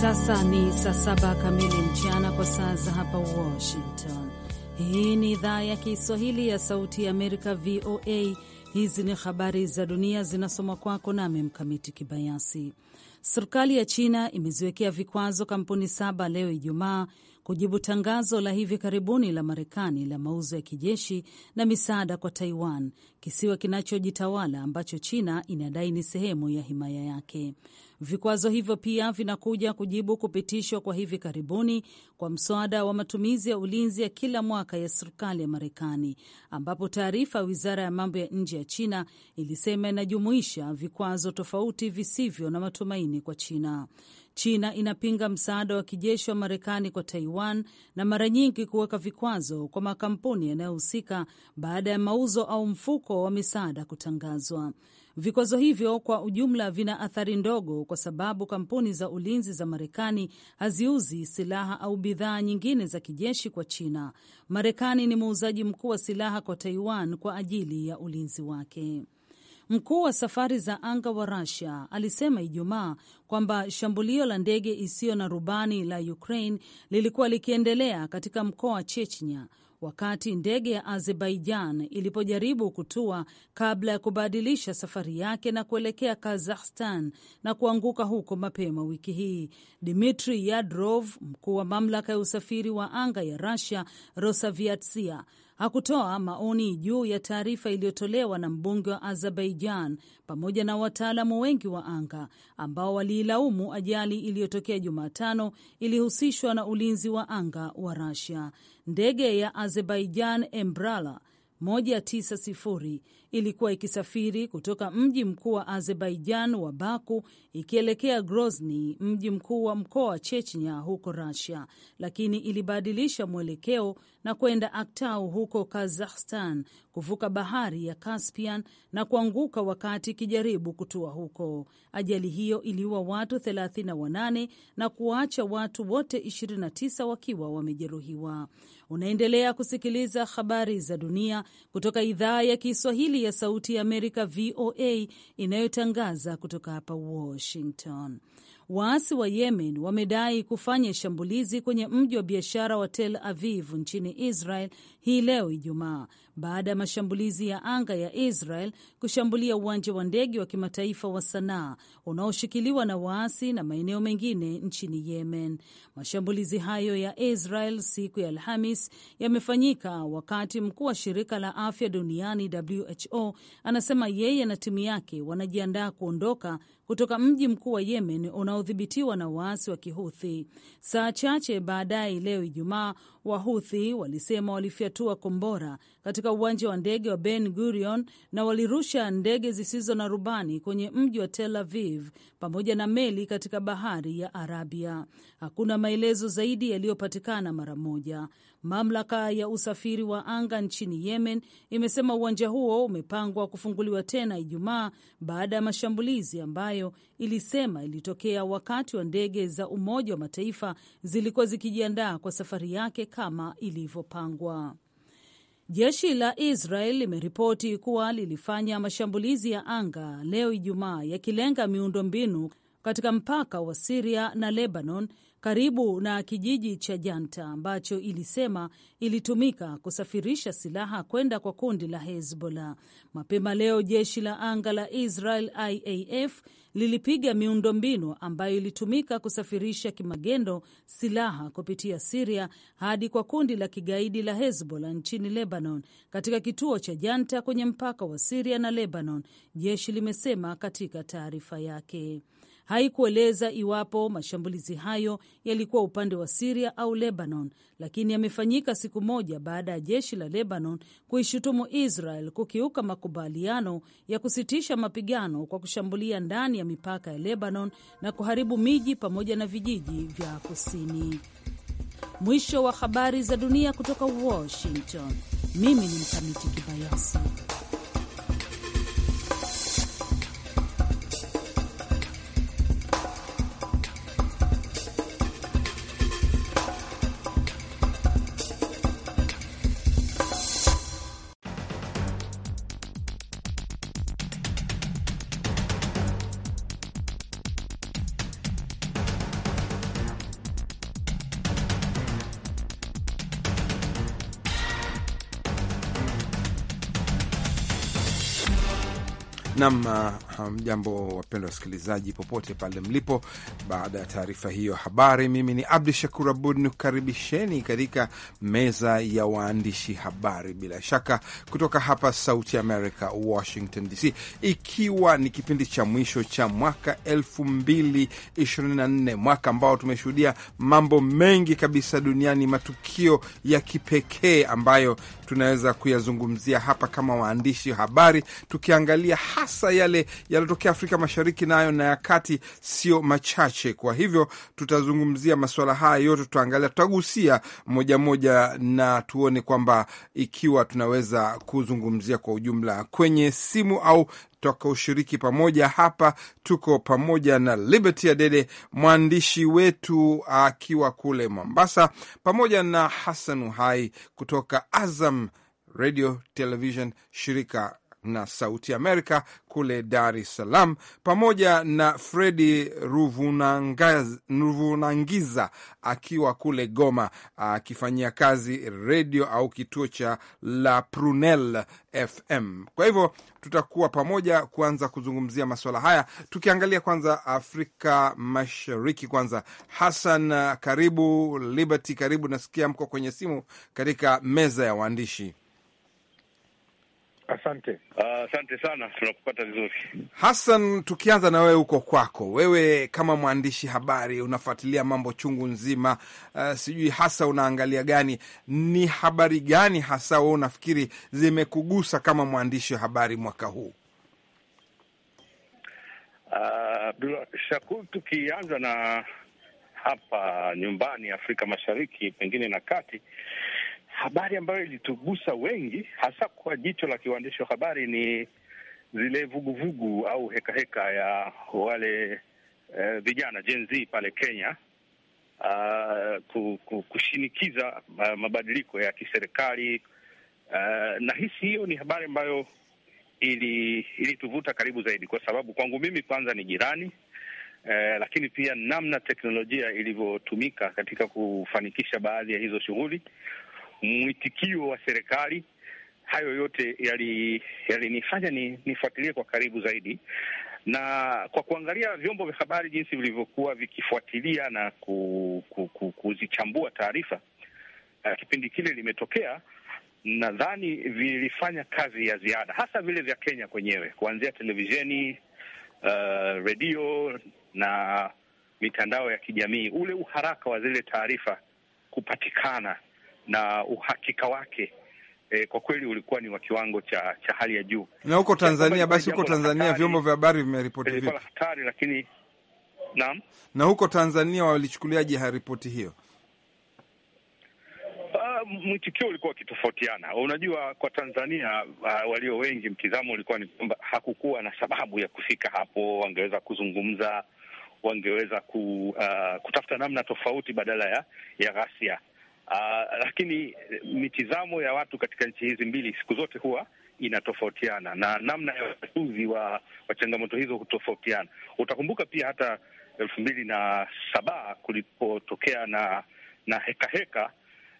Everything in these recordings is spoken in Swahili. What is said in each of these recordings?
sasa ni saa saba kamili mchana kwa saa za hapa Washington. Hii ni idhaa ya Kiswahili ya Sauti ya Amerika, VOA. Hizi ni habari za dunia zinasoma kwako nami Mkamiti Kibayasi. Serikali ya China imeziwekea vikwazo kampuni saba leo Ijumaa kujibu tangazo la hivi karibuni la Marekani la mauzo ya kijeshi na misaada kwa Taiwan, kisiwa kinachojitawala ambacho China inadai ni sehemu ya himaya yake. Vikwazo hivyo pia vinakuja kujibu kupitishwa kwa hivi karibuni kwa mswada wa matumizi ya ulinzi ya kila mwaka ya serikali ya Marekani, ambapo taarifa ya wizara ya mambo ya nje ya China ilisema inajumuisha vikwazo tofauti visivyo na matumaini kwa China. China inapinga msaada wa kijeshi wa Marekani kwa Taiwan na mara nyingi kuweka vikwazo kwa makampuni yanayohusika baada ya mauzo au mfuko wa misaada kutangazwa. Vikwazo hivyo kwa ujumla vina athari ndogo, kwa sababu kampuni za ulinzi za Marekani haziuzi silaha au bidhaa nyingine za kijeshi kwa China. Marekani ni muuzaji mkuu wa silaha kwa Taiwan kwa ajili ya ulinzi wake. Mkuu wa safari za anga wa rasia alisema Ijumaa kwamba shambulio la ndege isiyo na rubani la Ukraine lilikuwa likiendelea katika mkoa wa Chechnya wakati ndege ya Azerbaijan ilipojaribu kutua kabla ya kubadilisha safari yake na kuelekea Kazakhstan na kuanguka huko mapema wiki hii. Dmitri Yadrov, mkuu wa mamlaka ya usafiri wa anga ya Rusia Rosaviatsia, hakutoa maoni juu ya taarifa iliyotolewa na mbunge wa Azerbaijan pamoja na wataalamu wengi wa anga ambao waliilaumu ajali iliyotokea Jumatano ilihusishwa na ulinzi wa anga wa rasia Ndege ya Azerbaijan Embraer ilikuwa ikisafiri kutoka mji mkuu wa Azerbaijan wa Baku ikielekea Grozny, mji mkuu wa mkoa wa Chechnya huko Russia, lakini ilibadilisha mwelekeo na kwenda Aktau huko Kazakhstan, kuvuka bahari ya Caspian na kuanguka wakati ikijaribu kutua huko. Ajali hiyo iliua watu 38 na kuwaacha watu wote 29 wakiwa wamejeruhiwa. Unaendelea kusikiliza habari za dunia kutoka idhaa ya Kiswahili ya Sauti ya Amerika VOA inayotangaza kutoka hapa Washington. Waasi wa Yemen wamedai kufanya shambulizi kwenye mji wa biashara wa Tel Aviv nchini Israel hii leo Ijumaa baada ya mashambulizi ya anga ya Israel kushambulia uwanja wa ndege wa kimataifa wa Sanaa unaoshikiliwa na waasi na maeneo mengine nchini Yemen. Mashambulizi hayo ya Israel siku ya Alhamis yamefanyika wakati mkuu wa shirika la afya duniani WHO anasema yeye na timu yake wanajiandaa kuondoka kutoka mji mkuu wa Yemen unaodhibitiwa na waasi wa Kihuthi. Saa chache baadaye leo Ijumaa, Wahuthi walisema walifyatua kombora katika uwanja wa ndege wa Ben Gurion na walirusha ndege zisizo na rubani kwenye mji wa Tel Aviv pamoja na meli katika bahari ya Arabia. Hakuna maelezo zaidi yaliyopatikana mara moja. Mamlaka ya usafiri wa anga nchini Yemen imesema uwanja huo umepangwa kufunguliwa tena Ijumaa baada ya mashambulizi ambayo ilisema ilitokea wakati wa ndege za Umoja wa Mataifa zilikuwa zikijiandaa kwa safari yake kama ilivyopangwa. Jeshi la Israel limeripoti kuwa lilifanya mashambulizi ya anga leo Ijumaa yakilenga miundombinu katika mpaka wa Siria na Lebanon karibu na kijiji cha Janta ambacho ilisema ilitumika kusafirisha silaha kwenda kwa kundi la Hezbollah. Mapema leo jeshi la anga la Israel IAF lilipiga miundombinu ambayo ilitumika kusafirisha kimagendo silaha kupitia Siria hadi kwa kundi la kigaidi la Hezbollah nchini Lebanon, katika kituo cha Janta kwenye mpaka wa Siria na Lebanon, jeshi limesema katika taarifa yake haikueleza iwapo mashambulizi hayo yalikuwa upande wa Siria au Lebanon, lakini yamefanyika siku moja baada ya jeshi la Lebanon kuishutumu Israel kukiuka makubaliano ya kusitisha mapigano kwa kushambulia ndani ya mipaka ya Lebanon na kuharibu miji pamoja na vijiji vya kusini. Mwisho wa habari za dunia kutoka Washington. Mimi ni Mkamiti Kibayasi. Nam Hamjambo wapendwa wasikilizaji, popote pale mlipo. Baada ya taarifa hiyo habari, mimi ni Abdu Shakur Abud nikukaribisheni katika meza ya waandishi habari, bila shaka kutoka hapa Sauti America, Washington DC, ikiwa ni kipindi cha mwisho cha mwaka 2024 mwaka ambao tumeshuhudia mambo mengi kabisa duniani, matukio ya kipekee ambayo tunaweza kuyazungumzia hapa kama waandishi habari, tukiangalia hasa yale yaliyotokea Afrika Mashariki nayo na ya kati sio machache. Kwa hivyo tutazungumzia masuala haya yote, tutaangalia, tutagusia moja moja na tuone kwamba ikiwa tunaweza kuzungumzia kwa ujumla kwenye simu au tutakaoshiriki pamoja hapa. Tuko pamoja na Liberty Adede, mwandishi wetu akiwa kule Mombasa, pamoja na Hassan Uhai kutoka Azam Radio Television shirika na Sauti Amerika kule Dar es Salaam, pamoja na Fredi Ruvunangiza akiwa kule Goma akifanyia kazi redio au kituo cha La Prunel FM. Kwa hivyo tutakuwa pamoja kuanza kuzungumzia masuala haya, tukiangalia kwanza Afrika Mashariki. Kwanza Hassan, karibu Liberty, karibu nasikia mko kwenye simu katika meza ya waandishi. Asante, ah, asante uh, sana, tunakupata vizuri Hassan. Tukianza na wewe huko kwako, wewe kama mwandishi habari unafuatilia mambo chungu nzima, uh, sijui hasa unaangalia gani? Ni habari gani hasa wewe unafikiri zimekugusa kama mwandishi wa habari mwaka huu? Uh, bila tukianza na hapa nyumbani Afrika Mashariki, pengine na kati, habari ambayo ilitugusa wengi, hasa kwa jicho la kiwandishi wa habari, ni zile vuguvugu vugu au hekaheka heka ya wale eh, vijana Gen pale Kenya uh, kushinikiza uh, mabadiliko ya kiserikali uh, na hisi hiyo ni habari ambayo ili ilituvuta karibu zaidi, kwa sababu kwangu mimi kwanza ni jirani eh, lakini pia namna teknolojia ilivyotumika katika kufanikisha baadhi ya hizo shughuli mwitikio wa serikali. Hayo yote yalinifanya yali ni, nifuatilie kwa karibu zaidi, na kwa kuangalia vyombo vya habari jinsi vilivyokuwa vikifuatilia na ku, ku, ku, kuzichambua taarifa uh, kipindi kile limetokea nadhani vilifanya kazi ya ziada, hasa vile vya Kenya kwenyewe, kuanzia televisheni, uh, redio na mitandao ya kijamii. Ule uharaka wa zile taarifa kupatikana na uhakika wake e, kwa kweli ulikuwa ni wa kiwango cha cha hali ya juu. Na huko Tanzania basi, huko Tanzania vyombo vya habari vimeripoti vipi? Hatari, lakini naam. Na huko Tanzania walichukuliaje ripoti hiyo? Ah, mwitikio ulikuwa ukitofautiana. Unajua, kwa Tanzania uh, walio wengi mtizamo ulikuwa ni kwamba hakukuwa na sababu ya kufika hapo, wangeweza kuzungumza, wangeweza ku, uh, kutafuta namna tofauti badala ya ya ghasia Uh, lakini mitizamo ya watu katika nchi hizi mbili siku zote huwa inatofautiana na namna ya utatuzi wa, wa changamoto hizo hutofautiana. Utakumbuka pia hata elfu mbili na saba kulipotokea na na heka heka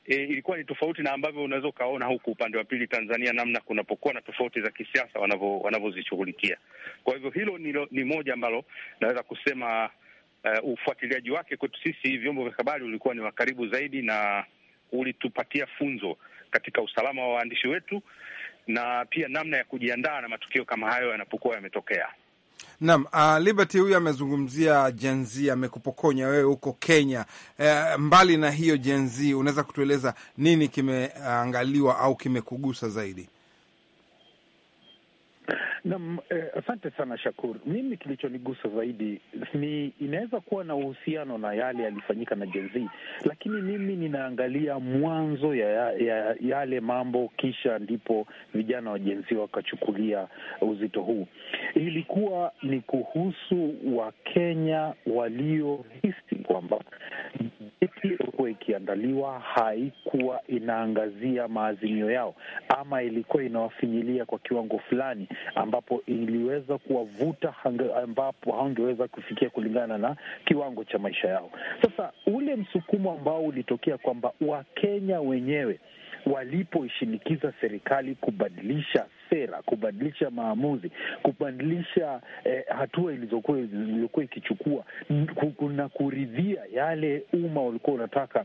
e, ilikuwa ni tofauti na ambavyo unaweza ukaona huku upande wa pili Tanzania, namna kunapokuwa na tofauti za kisiasa wanavyozishughulikia. Kwa hivyo hilo ni, lo, ni moja ambalo naweza kusema uh, ufuatiliaji wake kwetu sisi vyombo vya habari ulikuwa ni wa karibu zaidi na ulitupatia funzo katika usalama wa waandishi wetu na pia namna ya kujiandaa na matukio kama hayo yanapokuwa yametokea. Naam, uh, Liberty huyu amezungumzia Gen Z, amekupokonya wewe huko Kenya. Uh, mbali na hiyo Gen Z, unaweza kutueleza nini kimeangaliwa au kimekugusa zaidi? Naam, eh, asante sana Shakur. Mimi kilichonigusa zaidi ni inaweza kuwa na uhusiano na yale yalifanyika na Gen Z, lakini mimi ninaangalia mwanzo ya, ya, ya yale mambo, kisha ndipo vijana wa Gen Z wakachukulia uzito huu. Ilikuwa ni kuhusu Wakenya waliohisi kwamba ilikuwa ikiandaliwa haikuwa inaangazia maazimio yao ama ilikuwa inawafinyilia kwa kiwango fulani ambapo iliweza kuwavuta ambapo hawangeweza kufikia kulingana na kiwango cha maisha yao. Sasa ule msukumo ambao ulitokea kwamba Wakenya wenyewe walipoishinikiza serikali kubadilisha sera, kubadilisha maamuzi, kubadilisha eh, hatua ilizokuwa ikichukua na kuridhia yale umma walikuwa unataka.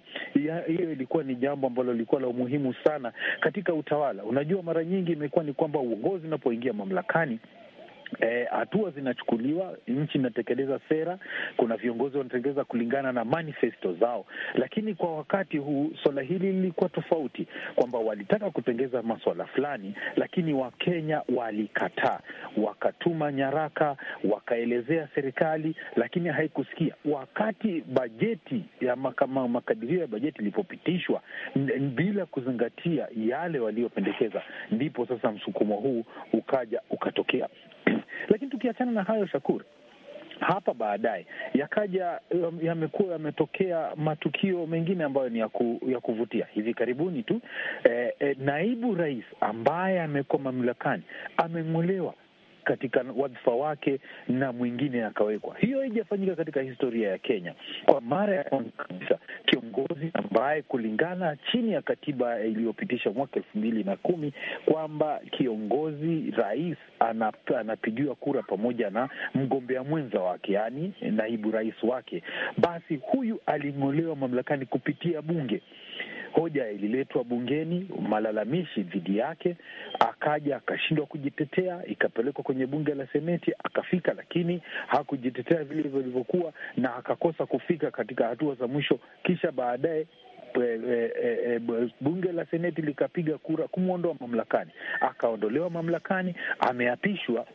Hiyo ilikuwa ni jambo ambalo lilikuwa la umuhimu sana katika utawala. Unajua, mara nyingi imekuwa ni kwamba uongozi unapoingia mamlakani Eh, hatua e, zinachukuliwa, nchi inatekeleza sera, kuna viongozi wanatekeleza kulingana na manifesto zao. Lakini kwa wakati huu swala hili lilikuwa tofauti, kwamba walitaka kutengeza maswala fulani, lakini Wakenya walikataa, wakatuma nyaraka, wakaelezea serikali, lakini haikusikia. Wakati bajeti ya makama, makadirio ya bajeti ilipopitishwa bila kuzingatia yale waliopendekeza, ndipo sasa msukumo huu ukaja ukatokea. Lakini tukiachana na hayo, shakur hapa baadaye yakaja um, yamekuwa yametokea matukio mengine ambayo ni ya, ku, ya kuvutia. Hivi karibuni tu eh, eh, naibu rais ambaye amekuwa mamlakani ameng'olewa katika wadhifa wake na mwingine akawekwa. Hiyo haijafanyika katika historia ya Kenya kwa mara ya kwanza kabisa. Kiongozi ambaye kulingana chini ya katiba iliyopitishwa mwaka elfu mbili na kumi kwamba kiongozi rais anap, anapigiwa kura pamoja na mgombea mwenza wake, yaani naibu rais wake, basi huyu aling'olewa mamlakani kupitia bunge. Hoja ililetwa bungeni, malalamishi dhidi yake, akaja akashindwa kujitetea, ikapelekwa kwenye bunge la seneti, akafika, lakini hakujitetea vile vilivyokuwa, na akakosa kufika katika hatua za mwisho, kisha baadaye e, e, e, e, bunge la seneti likapiga kura kumwondoa mamlakani. Akaondolewa mamlakani, ameapishwa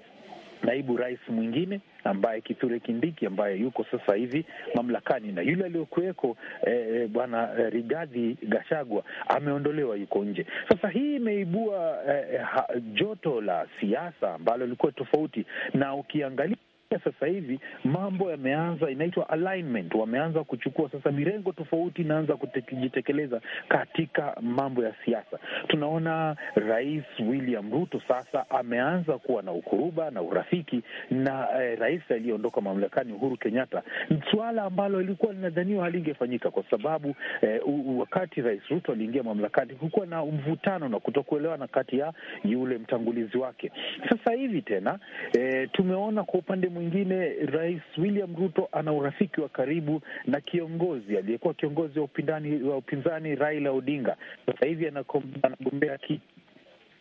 naibu rais mwingine ambaye Kithure Kindiki ambaye yuko sasa hivi mamlakani na yule aliyokuweko eh, bwana eh, Rigathi Gachagua ameondolewa, yuko nje. Sasa hii imeibua eh, joto la siasa ambalo lilikuwa tofauti na ukiangalia sasa hivi mambo yameanza, inaitwa alignment. Wameanza kuchukua sasa mirengo tofauti, inaanza kujitekeleza katika mambo ya siasa. Tunaona Rais William Ruto sasa ameanza kuwa na ukuruba na urafiki na eh, rais aliyeondoka mamlakani Uhuru Kenyatta, swala ambalo ilikuwa linadhaniwa halingefanyika kwa sababu eh, wakati Rais Ruto aliingia mamlakani kulikuwa na mvutano na kutokuelewana kati ya yule mtangulizi wake. Sasa hivi tena eh, tumeona kwa upande mwingine, Rais William Ruto ana urafiki wa karibu na kiongozi aliyekuwa kiongozi wa upinzani, wa upinzani Raila Odinga. Sasa hivi anagombea kiti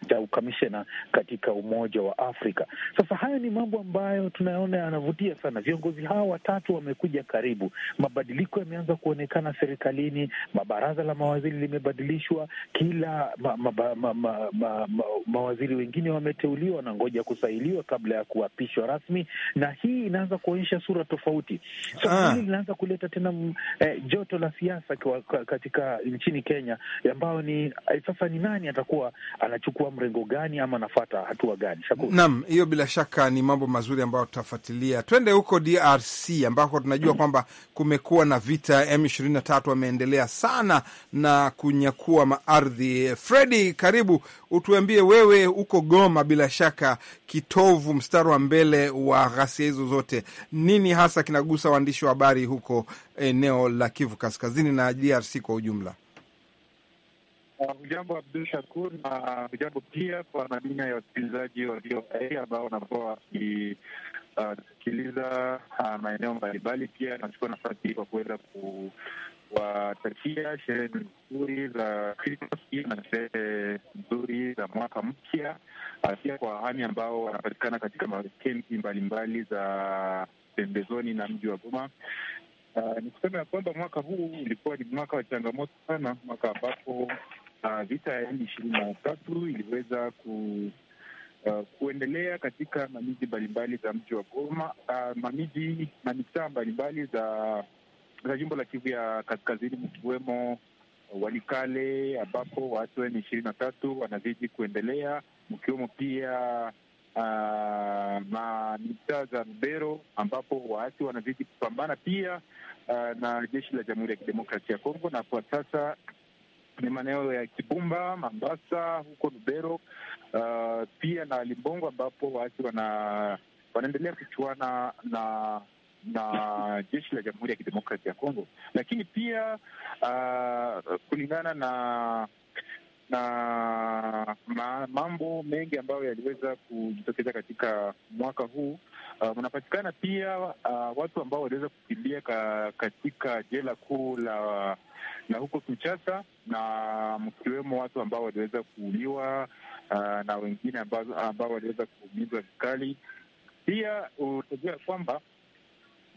cha ukamishena katika Umoja wa Afrika. Sasa haya ni mambo ambayo tunaona yanavutia sana. Viongozi hawa watatu wamekuja karibu, mabadiliko yameanza kuonekana serikalini, mabaraza la mawaziri limebadilishwa, kila ma, ma, ma, ma, ma, ma, ma, mawaziri wengine wameteuliwa na ngoja kusailiwa kabla ya kuapishwa rasmi, na hii inaanza kuonyesha sura tofauti. Sasa ah. hili linaanza kuleta tena eh, joto la siasa katika nchini Kenya, ambayo ni eh, sasa ni nani atakuwa anachukua mrengo gani ama anafata hatua gani? Naam, hiyo bila shaka ni mambo mazuri ambayo tutafuatilia. Twende huko DRC ambako tunajua mm, kwamba kumekuwa na vita, M ishirini na tatu wameendelea sana na kunyakua maardhi. Fredi, karibu utuambie wewe, huko Goma bila shaka kitovu, mstari wa mbele wa ghasia hizo zote, nini hasa kinagusa waandishi wa habari huko eneo la Kivu Kaskazini na DRC kwa ujumla? Hujambo Abdul Shakur, na hujambo pia kwa mamia ya wasikilizaji wa VOA ambao wanakuwa wakisikiliza ah, maeneo mbalimbali. Pia nachukua nafasi hii kwa kuweza kuwatakia sherehe nzuri za Krismasi na sherehe nzuri za mwaka mpya, ah, pia kwa wahami ambao wanapatikana katika makempi mbalimbali za pembezoni na mji wa Goma. Uh, ni kusema ya kwamba mwaka huu ulikuwa ni mwaka wa changamoto sana, mwaka ambapo Uh, vita ya endi ishirini na tatu iliweza ku, uh, kuendelea katika mamiji mbalimbali za mji wa Goma, uh, ah, mamiji na mitaa mbalimbali za za jimbo la Kivu ya kaskazini mkiwemo Walikale ambapo watu wa ishirini na tatu wanazidi kuendelea mkiwemo pia uh, mamitaa za mbero ambapo waasi wanazidi kupambana pia uh, na jeshi la Jamhuri ya Kidemokrasia ya Kongo, na kwa sasa ni maeneo ya Kibumba, Mambasa, huko Lubero, uh, pia na Limbongo ambapo waasi wana wanaendelea kuchuana na na jeshi la Jamhuri ya Kidemokrasi ya Kongo, lakini pia uh, kulingana na na ma, mambo mengi ambayo yaliweza kujitokeza katika mwaka huu Uh, mnapatikana pia uh, watu ambao waliweza kukimbia ka, katika jela kuu la la huko Kinshasa, na mkiwemo watu ambao waliweza kuuliwa uh, na wengine ambao, ambao waliweza kuumizwa vikali. Pia utajua kwamba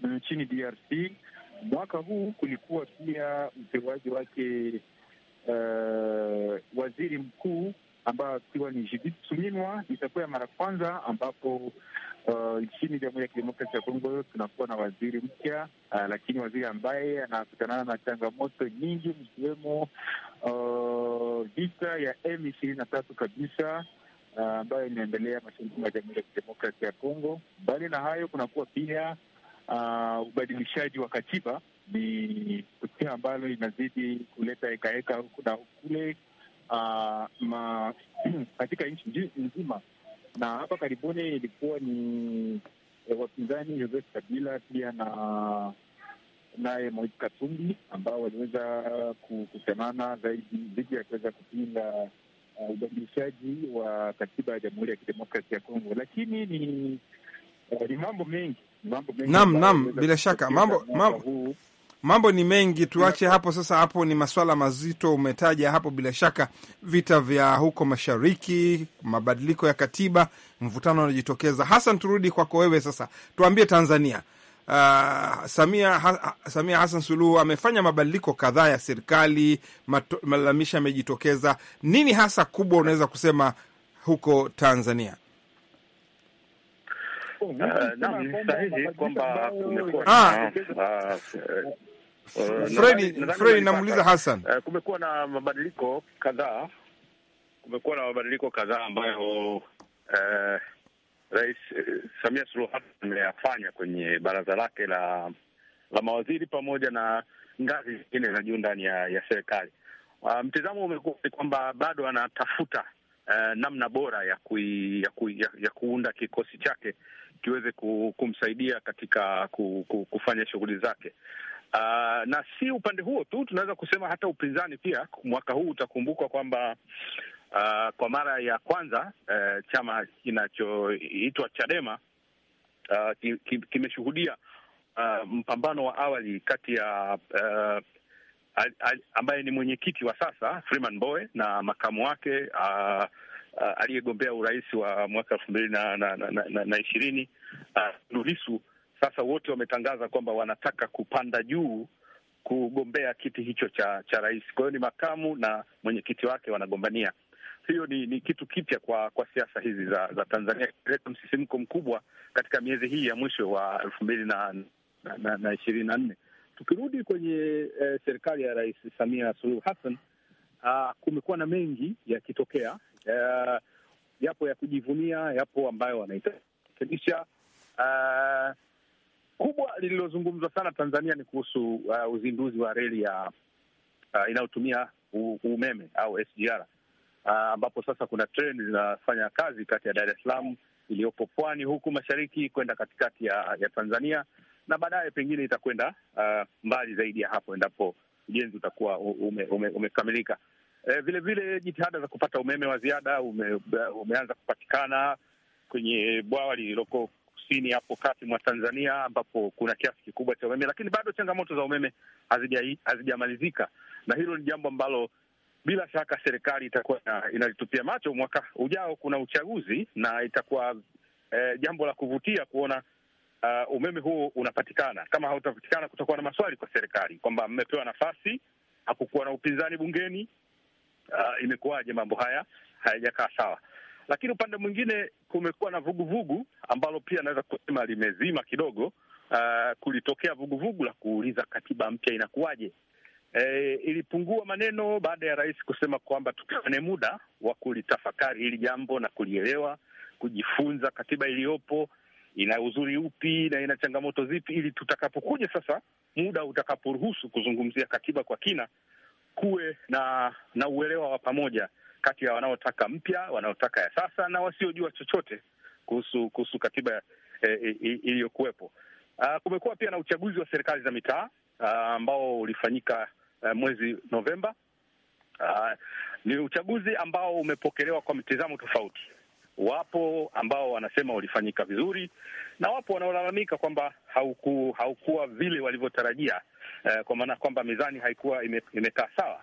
mm, nchini DRC mwaka huu kulikuwa pia utewaji wake uh, waziri mkuu ambayo akiwa ni Judith Suminwa. Itakuwa ya mara kwanza ambapo Eh, nchini uh, Jamhuri ya Kidemokrasia ya Kongo tunakuwa na waziri mpya uh, lakini waziri ambaye anakutanana na changamoto nyingi mkiwemo eh, vita uh, ya M ishirini na tatu kabisa ambayo uh, inaendelea mashariki mwa Jamhuri ya Kidemokrasia ya Kongo. Mbali na hayo, kunakuwa pia uh, ubadilishaji wa katiba. Ni kutia ambalo inazidi kuleta hekaheka huku na kule uh, katika nchi nzima na hapa karibuni ilikuwa ni e, wapinzani Joseph Kabila pia na naye Moise Katumbi ambao waliweza kusemana zaidi dhidi ya kuweza kupinga uh, ubadilishaji wa katiba ya Jamhuri ya kidemokrasi ya Kongo, lakini ni uh, ni mambo mengi, ni mambo mengi. Naam, naam, bila shaka mambo mambo huu Mambo ni mengi, tuache hapo sasa. Hapo ni maswala mazito umetaja hapo, bila shaka vita vya huko mashariki, mabadiliko ya katiba, mvutano unajitokeza. Hasan, turudi kwako wewe sasa, tuambie Tanzania. Uh, Samia, ha, Samia Hassan Suluhu amefanya mabadiliko kadhaa ya serikali, malalamishi yamejitokeza. Nini hasa kubwa unaweza kusema huko Tanzania? Uh, ni sahihi kwamba kumekuwa ah. Eh, Fredi, namuuliza Hassan, eh, kumekuwa na mabadiliko kadhaa, kumekuwa na mabadiliko kadhaa ambayo uh, Rais uh, Samia Suluhu Hassan ameyafanya kwenye baraza lake la la mawaziri pamoja na ngazi zingine za juu ndani ya, ya serikali. Uh, mtizamo umekuwa ni kwamba bado anatafuta uh, namna bora ya, kui, ya, kui, ya, ya kuunda kikosi chake kiweze kumsaidia katika kufanya shughuli zake. Uh, na si upande huo tu, tunaweza kusema hata upinzani pia. Mwaka huu utakumbukwa kwamba uh, kwa mara ya kwanza uh, chama kinachoitwa Chadema uh, kimeshuhudia uh, mpambano wa awali kati ya uh, ambaye ni mwenyekiti wa sasa Freeman Mbowe na makamu wake uh, uh, aliyegombea urais wa mwaka elfu mbili na ishirini uh, Lissu sasa wote wametangaza kwamba wanataka kupanda juu kugombea kiti hicho cha cha rais. Kwa hiyo ni makamu na mwenyekiti wake wanagombania. Hiyo ni, ni kitu kipya kwa kwa siasa hizi za za Tanzania, kileta msisimko mkubwa katika miezi hii ya mwisho wa elfu mbili na ishirini na nne. Tukirudi kwenye eh, serikali ya Rais Samia Suluhu Hassan, ah, kumekuwa na mengi yakitokea, eh, yapo ya kujivunia, yapo ambayo wanahitaji kurekebisha. Ah, kubwa lililozungumzwa sana Tanzania ni kuhusu uh, uzinduzi wa reli ya uh, inayotumia umeme au SGR uh, ambapo uh, sasa kuna treni zinafanya kazi kati ya Dar es Salaam iliyopo pwani huku mashariki kwenda katikati ya, ya Tanzania na baadaye pengine itakwenda uh, mbali zaidi ya hapo endapo ujenzi utakuwa ume, ume, umekamilika. E, vile vile jitihada za kupata umeme wa ziada ume, umeanza kupatikana kwenye bwawa lililoko kusini hapo kati mwa Tanzania ambapo kuna kiasi kikubwa cha umeme, lakini bado changamoto za umeme hazijamalizika, na hilo ni jambo ambalo bila shaka serikali itakuwa inalitupia macho. Mwaka ujao kuna uchaguzi na itakuwa eh, jambo la kuvutia kuona uh, umeme huo unapatikana. Kama hautapatikana, kutakuwa na maswali kwa serikali kwamba mmepewa nafasi, hakukuwa na upinzani bungeni, uh, imekuwaje mambo haya hayajakaa sawa? Lakini upande mwingine kumekuwa na vuguvugu vugu, ambalo pia naweza kusema limezima kidogo. Uh, kulitokea vuguvugu vugu la kuuliza katiba mpya inakuwaje. E, ilipungua maneno baada ya rais kusema kwamba tupeane muda wa kulitafakari hili jambo na kulielewa, kujifunza katiba iliyopo ina uzuri upi na ina changamoto zipi, ili tutakapokuja sasa, muda utakaporuhusu kuzungumzia katiba kwa kina, kuwe na na uelewa wa pamoja kati ya wanaotaka mpya, wanaotaka ya sasa na wasiojua chochote kuhusu kuhusu katiba eh, iliyokuwepo. Uh, kumekuwa pia na uchaguzi wa serikali za mitaa ah, ambao ulifanyika uh, mwezi Novemba. Uh, ni uchaguzi ambao umepokelewa kwa mtizamo tofauti. Wapo ambao wanasema ulifanyika vizuri na wapo wanaolalamika kwamba hauku, haukuwa vile walivyotarajia, uh, kwa maana kwamba mizani haikuwa imekaa ime sawa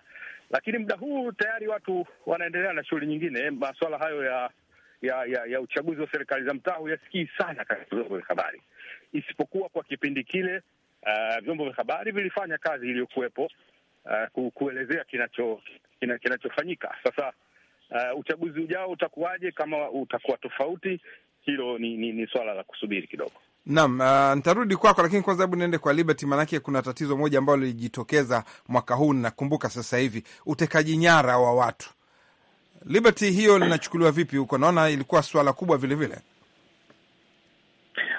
lakini muda huu tayari watu wanaendelea na shughuli nyingine. Masuala hayo ya ya ya, ya uchaguzi wa serikali za mtaa huyasikii sana katika vyombo vya habari, isipokuwa kwa kipindi kile uh, vyombo vya habari vilifanya kazi iliyokuwepo uh, kuelezea kinacho kina, kinachofanyika sasa. Uh, uchaguzi ujao utakuwaje? Kama utakuwa tofauti, hilo ni, ni, ni swala la kusubiri kidogo. Naam, uh, nitarudi kwako, lakini kwanza hebu niende kwa Liberty, maanake kuna tatizo moja ambalo lilijitokeza mwaka huu, ninakumbuka sasa hivi, utekaji nyara wa watu. Liberty, hiyo linachukuliwa vipi huko? Naona ilikuwa swala kubwa vilevile vile.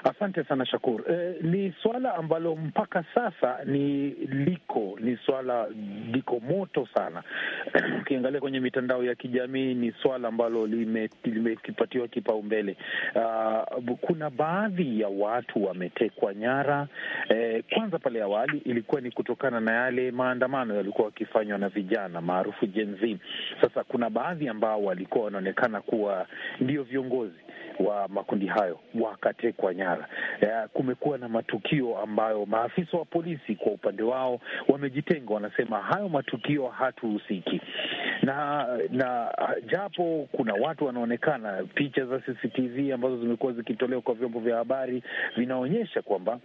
Asante sana Shakur. Eh, ni swala ambalo mpaka sasa ni liko ni swala liko moto sana. Ukiangalia kwenye mitandao ya kijamii ni swala ambalo limekipatiwa kipaumbele. Uh, kuna baadhi ya watu wametekwa nyara. Eh, kwanza pale awali ilikuwa ni kutokana na yale maandamano yalikuwa wakifanywa na vijana maarufu Gen Z. Sasa kuna baadhi ambao walikuwa wanaonekana kuwa ndio viongozi wa makundi hayo wakatekwa nyara. E, kumekuwa na matukio ambayo maafisa wa polisi kwa upande wao wamejitenga, wanasema hayo matukio hatuhusiki na na, japo kuna watu wanaonekana, picha za CCTV ambazo zimekuwa zikitolewa kwa vyombo vya habari vinaonyesha kwamba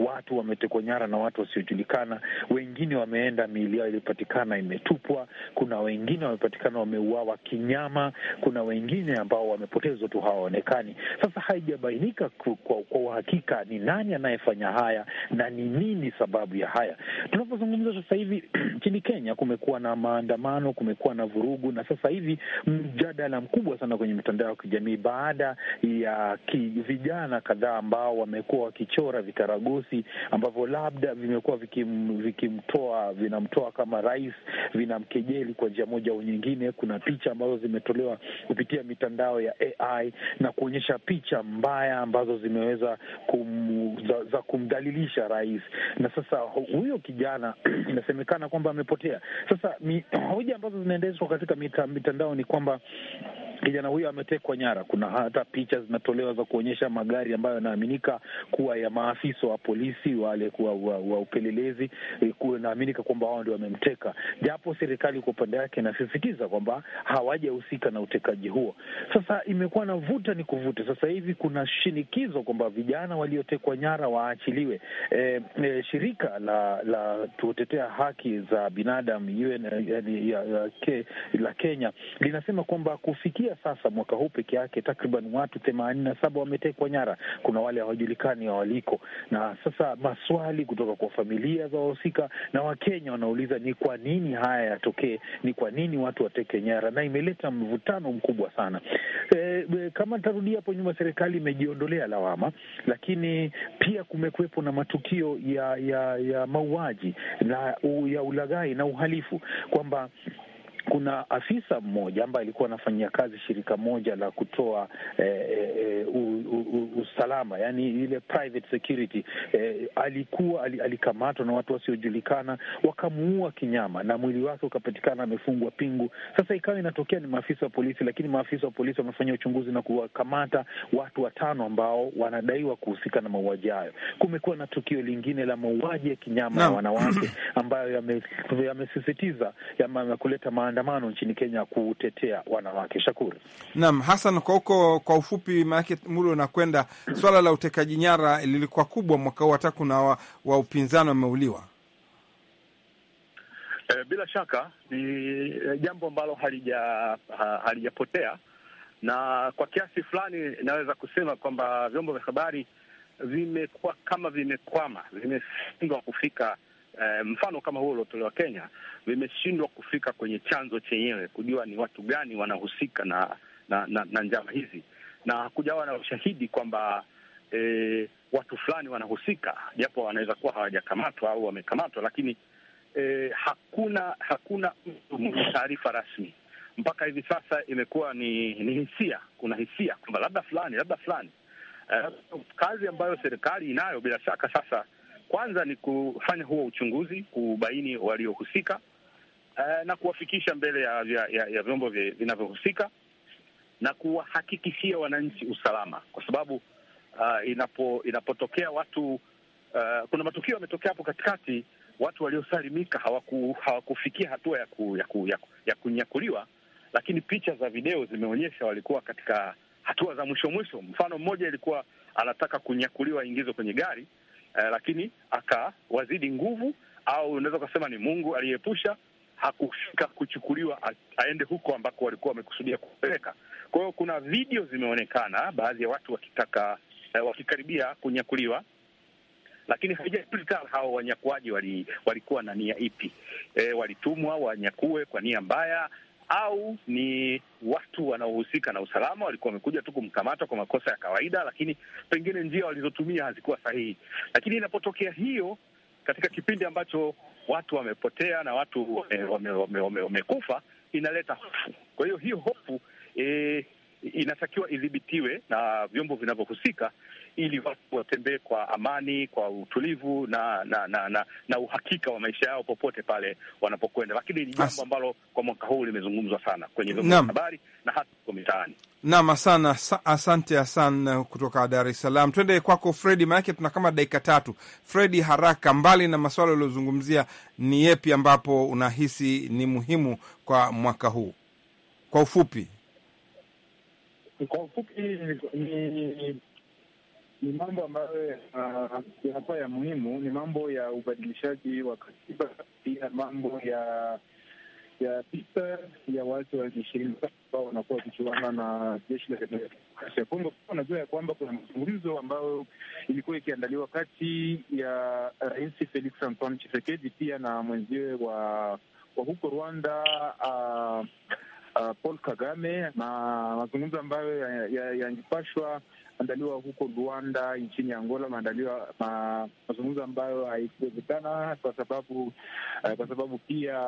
watu wametekwa nyara na watu wasiojulikana, wengine wameenda, miili yao ilipatikana imetupwa. Kuna wengine wamepatikana wameuawa kinyama, kuna wengine ambao wamepotezwa tu hawaonekani. Sasa haijabainika kwa uhakika ni nani anayefanya haya na ni nini sababu ya haya. Tunapozungumza sasa hivi nchini Kenya kumekuwa na maandamano, kumekuwa na vurugu, na sasa hivi mjadala mkubwa sana kwenye mitandao ya kijamii baada ya vijana kadhaa ambao wamekuwa wakichora vitaragosi Urusi ambavyo labda vimekuwa vikim, vikimtoa vinamtoa kama rais, vinamkejeli kwa njia moja au nyingine. Kuna picha ambazo zimetolewa kupitia mitandao ya AI na kuonyesha picha mbaya ambazo zimeweza kum, za, za kumdhalilisha rais, na sasa huyo kijana inasemekana kwamba amepotea. Sasa mi, hoja ambazo zinaendeshwa katika mitandao ni kwamba kijana huyo ametekwa nyara. Kuna hata picha zinatolewa za kuonyesha magari ambayo yanaaminika kuwa ya maafisa wa polisi wale kuwa, wa, wa upelelezi. E, inaaminika kwamba wao ndio wamemteka, japo serikali kwa upande wake inasisitiza kwamba hawajahusika na utekaji huo. Sasa imekuwa na vuta ni kuvuta. Sasa hivi kuna shinikizo kwamba vijana waliotekwa nyara waachiliwe. E, e, shirika la la kutetea haki za binadamu UN, ya, ya, ke, la Kenya linasema kwamba kufikia kufikia sasa mwaka huu peke yake takriban watu themanini na saba wametekwa nyara. Kuna wale hawajulikani waliko, na sasa maswali kutoka kwa familia za wahusika na Wakenya wanauliza ni kwa nini haya yatokee, ni kwa nini watu wateke nyara, na imeleta mvutano mkubwa sana. E, e kama nitarudia hapo nyuma, serikali imejiondolea lawama, lakini pia kumekuwepo na matukio ya ya, ya mauaji na ya ulaghai na uhalifu kwamba kuna afisa mmoja ambaye alikuwa anafanyia kazi shirika moja la kutoa eh, eh, eh usalama yani ile private security eh, alikuwa al, alikamatwa na watu wasiojulikana wakamuua kinyama, na mwili wake ukapatikana amefungwa pingu. Sasa ikawa inatokea ni maafisa wa polisi, lakini maafisa wa polisi wamefanya uchunguzi na kuwakamata watu watano ambao wanadaiwa kuhusika na mauaji hayo. Kumekuwa na tukio lingine la mauaji ya kinyama no. ya wanawake ambayo yamesisitiza yame, yame kuleta maana maandamano nchini Kenya kutetea wanawake. Shakuri nam Hasan, kwa huko kwa ufupi, maanake muda unakwenda, swala la utekaji nyara lilikuwa kubwa mwaka huu, hata kuna wa, wa upinzani wameuliwa. E, bila shaka ni eh, jambo ambalo halija halijapotea, na kwa kiasi fulani naweza kusema kwamba vyombo vya habari vimekuwa kama vimekwama, vimeshindwa kufika eh, mfano kama huo uliotolewa Kenya, vimeshindwa kufika kwenye chanzo chenyewe, kujua ni watu gani wanahusika na na, na, na njama hizi, na kujawa na ushahidi kwamba eh, watu fulani wanahusika, japo wanaweza kuwa hawajakamatwa au wamekamatwa, lakini eh, hakuna hakuna mtu mwenye taarifa rasmi mpaka hivi sasa. Imekuwa ni ni hisia, kuna hisia kwamba labda fulani labda fulani. Eh, kazi ambayo serikali inayo bila shaka sasa kwanza ni kufanya huo uchunguzi kubaini waliohusika uh, na kuwafikisha mbele ya, ya, ya, ya vyombo vinavyohusika na kuwahakikishia wananchi usalama, kwa sababu uh, inapo inapotokea watu uh, kuna matukio yametokea hapo katikati, watu waliosalimika hawaku, hawakufikia hatua ya, ku, ya, ku, ya, ku, ya kunyakuliwa, lakini picha za video zimeonyesha walikuwa katika hatua za mwisho mwisho. Mfano mmoja ilikuwa anataka kunyakuliwa, ingizo kwenye gari eh, lakini akawazidi nguvu, au unaweza ukasema ni Mungu aliyeepusha hakufika kuchukuliwa aende huko ambako walikuwa wamekusudia kupeleka. Kwa hiyo kuna video zimeonekana baadhi ya watu wakitaka eh, wakikaribia kunyakuliwa, lakini haijajulikana hao wanyakuaji wali, walikuwa na nia ipi? E, walitumwa wanyakue kwa nia mbaya au ni watu wanaohusika na usalama walikuwa wamekuja tu kumkamata kwa makosa ya kawaida, lakini pengine njia walizotumia hazikuwa sahihi. Lakini inapotokea hiyo katika kipindi ambacho watu wamepotea na watu wamekufa, wame, wame, wame, wame inaleta hofu. Kwa hiyo hiyo hofu e, inatakiwa idhibitiwe na vyombo vinavyohusika ili watu watembee kwa amani, kwa utulivu na na, na, na na uhakika wa maisha yao popote pale wanapokwenda, lakini ni jambo ambalo kwa mwaka huu limezungumzwa sana kwenye vyombo vya habari na hata huko mitaani. Naam, asana asante Hasan eh, kutoka Dar es Salaam. Twende kwako Fredi, maanake tuna kama dakika tatu. Fredi, haraka, mbali na masuala uliozungumzia, ni yepi ambapo unahisi ni muhimu kwa mwaka huu kwa ufupi? Kwa ufupi ni ni mambo ambayo uh, yanakuwa ya muhimu, ni mambo ya ubadilishaji wa katiba, pia mambo ya ya vita ya watu wa ishirini ambao wanakuwa wakichuana na jeshi la demokrasia ya Kongo. Unajua ya kwamba kuna mazungumzo ambayo ilikuwa ikiandaliwa kati ya Rais Felix Antoine chisekedi pia na mwenziwe wa wa huko Rwanda uh, uh, Paul Kagame na mazungumzo ambayo yangepashwa ya, ya andaliwa huko Luanda nchini Angola, maandaliwa ma, mazungumzo ambayo haikuwezekana kwa sababu uh, kwa sababu pia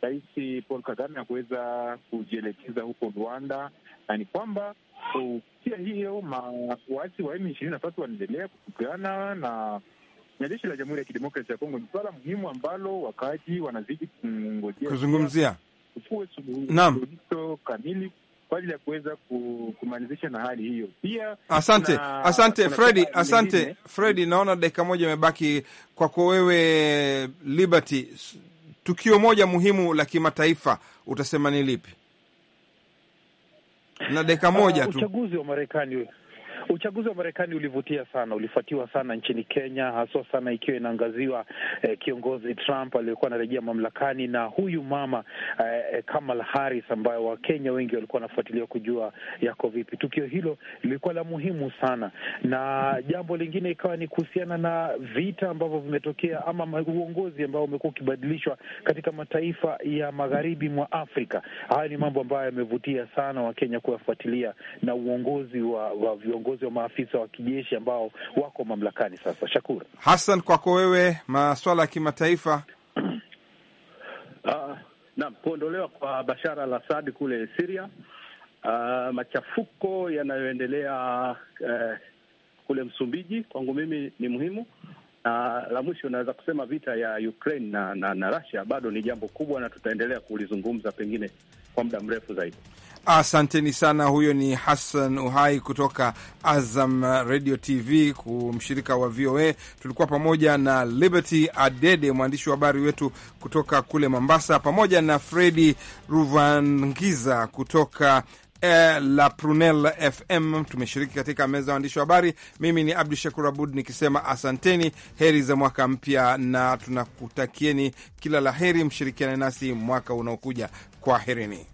Rais Paul Kagame hakuweza kujielekeza huko Luanda, na ni kwamba kupitia hiyo waasi wa M ishirini na tatu wanaendelea kupigana na na jeshi la Jamhuri ya Kidemokrasia ya Kongo. Ni swala muhimu ambalo wakaaji wanazidi kungojea kuzungumzia uchukue suluhisho kamili kwa ajili ya kuweza kumalizisha na hali hiyo. Pia asante, kuna, asante Fredi, asante Fredi. Naona dakika moja imebaki kwako wewe, Liberty. Tukio moja muhimu la kimataifa utasema ni lipi? na dakika moja ah, tu, uchaguzi wa Marekani. Uchaguzi wa Marekani ulivutia sana, ulifuatiwa sana nchini Kenya, haswa sana ikiwa inaangaziwa eh, kiongozi Trump aliyekuwa anarejea mamlakani na huyu mama eh, Kamala Harris ambaye Wakenya wengi walikuwa wanafuatilia kujua yako vipi. Tukio hilo lilikuwa la muhimu sana, na jambo lingine ikawa ni kuhusiana na vita ambavyo vimetokea ama uongozi ambao umekuwa ukibadilishwa katika mataifa ya magharibi mwa Afrika. Haya ni mambo ambayo yamevutia sana Wakenya kuyafuatilia na uongozi wa, wa viongozi viongozi wa maafisa wa kijeshi ambao wako mamlakani sasa. Shakura Hassan, kwako wewe, maswala ya kimataifa uh, naam, kuondolewa kwa Bashar al Assad kule Siria, uh, ah, machafuko yanayoendelea uh, kule Msumbiji kwangu mimi ni muhimu na la mwisho naweza kusema vita ya Ukraine na, na, na Russia bado ni jambo kubwa na tutaendelea kulizungumza pengine kwa muda mrefu zaidi. Asanteni sana. Huyo ni Hassan Uhai kutoka Azam Radio TV, kumshirika wa VOA. Tulikuwa pamoja na Liberty Adede, mwandishi wa habari wetu kutoka kule Mombasa, pamoja na Fredi Ruvangiza kutoka eh, la Prunel FM. Tumeshiriki katika meza ya waandishi wa habari. Mimi ni Abdu Shakur Abud nikisema asanteni, heri za mwaka mpya, na tunakutakieni kila la heri. Mshirikiane nasi mwaka unaokuja. Kwaherini.